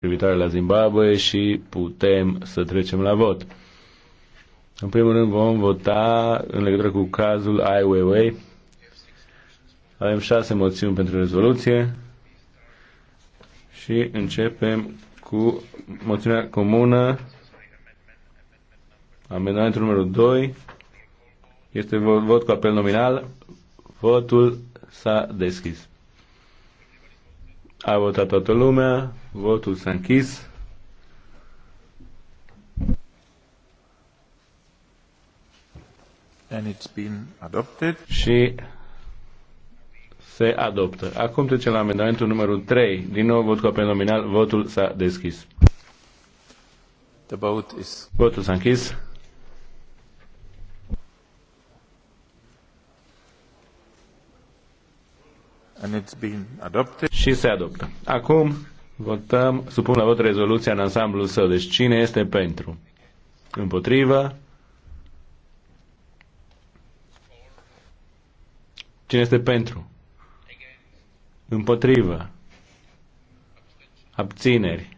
privitoare la Zimbabwe și putem să trecem la vot. În primul rând vom vota în legătură cu cazul Ai Weiwei. Avem șase moțiuni pentru rezoluție și începem cu moțiunea comună. Amendamentul numărul 2 este vot cu apel nominal. Votul s-a deschis. A votat toată lumea, votul s-a închis. And it's been adopted. Și se adoptă. Acum trecem la amendamentul numărul 3. Din nou vot cu apel nominal, votul s-a deschis. The vote is... Votul s-a închis. And it's been adopted și se adoptă. Acum votăm, supun la vot rezoluția în ansamblul său. Deci cine este pentru? Împotrivă? Cine este pentru? Împotrivă? Abțineri?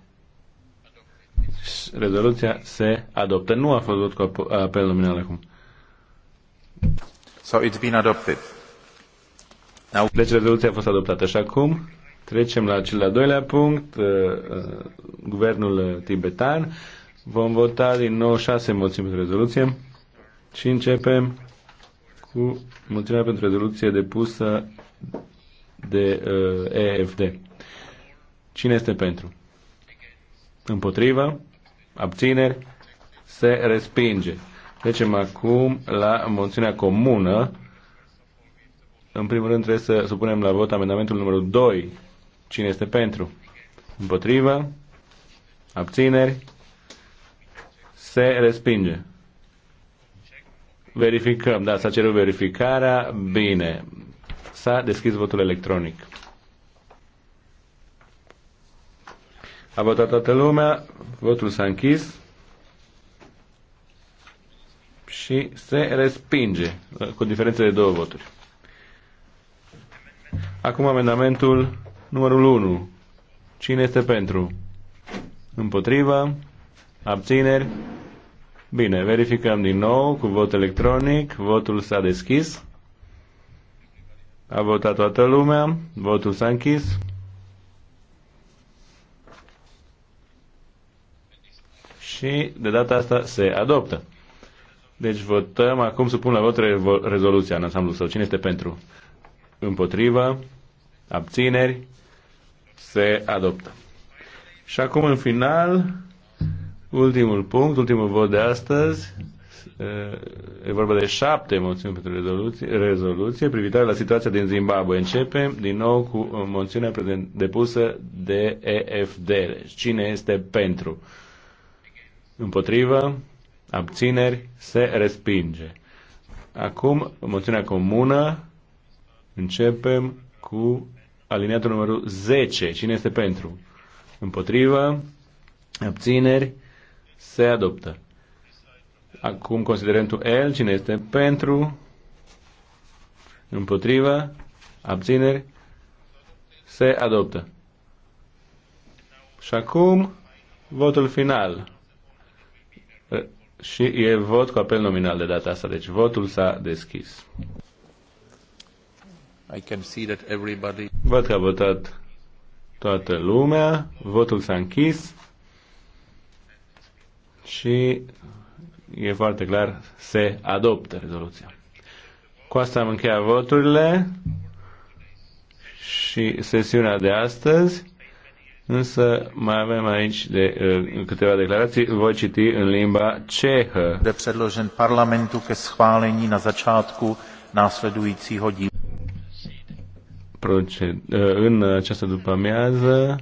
Rezoluția se adoptă. Nu a fost vot cu apel luminal acum. So it's been adopted. Now... Deci rezoluția a fost adoptată. Și acum Trecem la cel de-al doilea punct, uh, uh, guvernul tibetan. Vom vota din nou șase moțiuni pentru rezoluție și începem cu moțiunea pentru rezoluție depusă de uh, EFD. Cine este pentru? Împotrivă? Abțineri? Se respinge. Trecem acum la moțiunea comună. În primul rând trebuie să supunem la vot amendamentul numărul 2 Cine este pentru? Împotrivă? Abțineri? Se respinge. Verificăm, da, s-a cerut verificarea. Bine. S-a deschis votul electronic. A votat toată lumea, votul s-a închis și se respinge cu diferență de două voturi. Acum amendamentul Numărul 1. Cine este pentru? Împotriva? Abțineri? Bine, verificăm din nou cu vot electronic. Votul s-a deschis. A votat toată lumea. Votul s-a închis. Și de data asta se adoptă. Deci votăm, acum pun la vot rezoluția în ansamblu său. Cine este pentru? Împotriva? Abțineri? se adoptă. Și acum, în final, ultimul punct, ultimul vot de astăzi, eh, e vorba de șapte moțiuni pentru rezoluție, rezoluție privitoare la situația din Zimbabwe. Începem din nou cu moțiunea depusă de EFD. Deci, cine este pentru? Împotrivă? Abțineri? Se respinge. Acum, moțiunea comună, începem cu Aliniatul numărul 10. Cine este pentru? Împotrivă. Abțineri. Se adoptă. Acum considerentul L. Cine este pentru? Împotrivă. Abțineri. Se adoptă. Și acum votul final. Și e vot cu apel nominal de data asta, deci votul s-a deschis. I can see that everybody... Văd că a votat toată lumea, votul s-a închis și e foarte clar, se adoptă rezoluția. Cu asta am încheiat voturile și sesiunea de astăzi, însă mai avem aici de, uh, câteva declarații, voi citi în limba cehă. De předložen parlamentu ke schválení na začátku následujícího dílu produce, în această după amiază